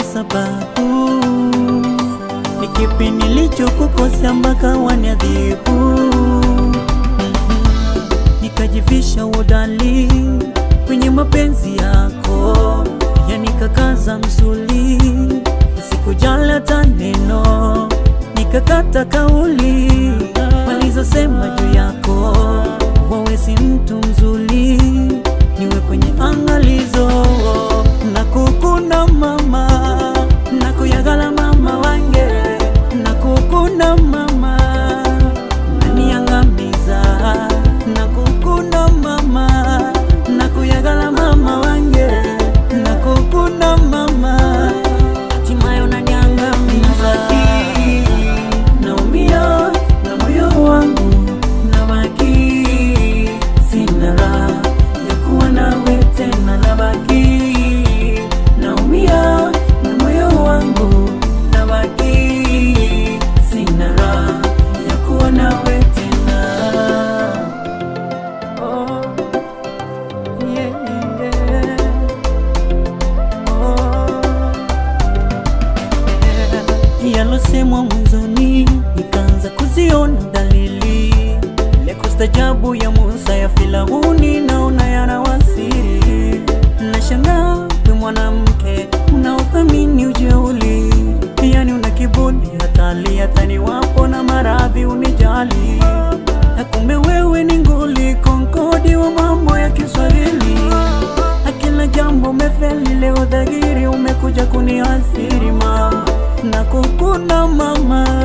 sababu, ni kipi nilichokukosea mpaka waniadhibu? Nikajivisha udali kwenye mapenzi yako, ya kakaza msuli, sikujali hata neno, nikakata kauli walizosema juu yako, wawe si mtu mzuri, niwe kwenye angalizo niliumwa mwanzoni, nikaanza kuziona dalili le kustajabu ya Musa ya Firauni, naona yanawasili. Nashangaa we mwanamke unaothamini ujeuli, yani una kiburi, hatali hatani wapo na maradhi unijali, na wewe ni nguli konkodi wa mambo ya Kiswahili. Akila jambo umefeli, leo dhahiri umekuja kuniasirima na kukuna mama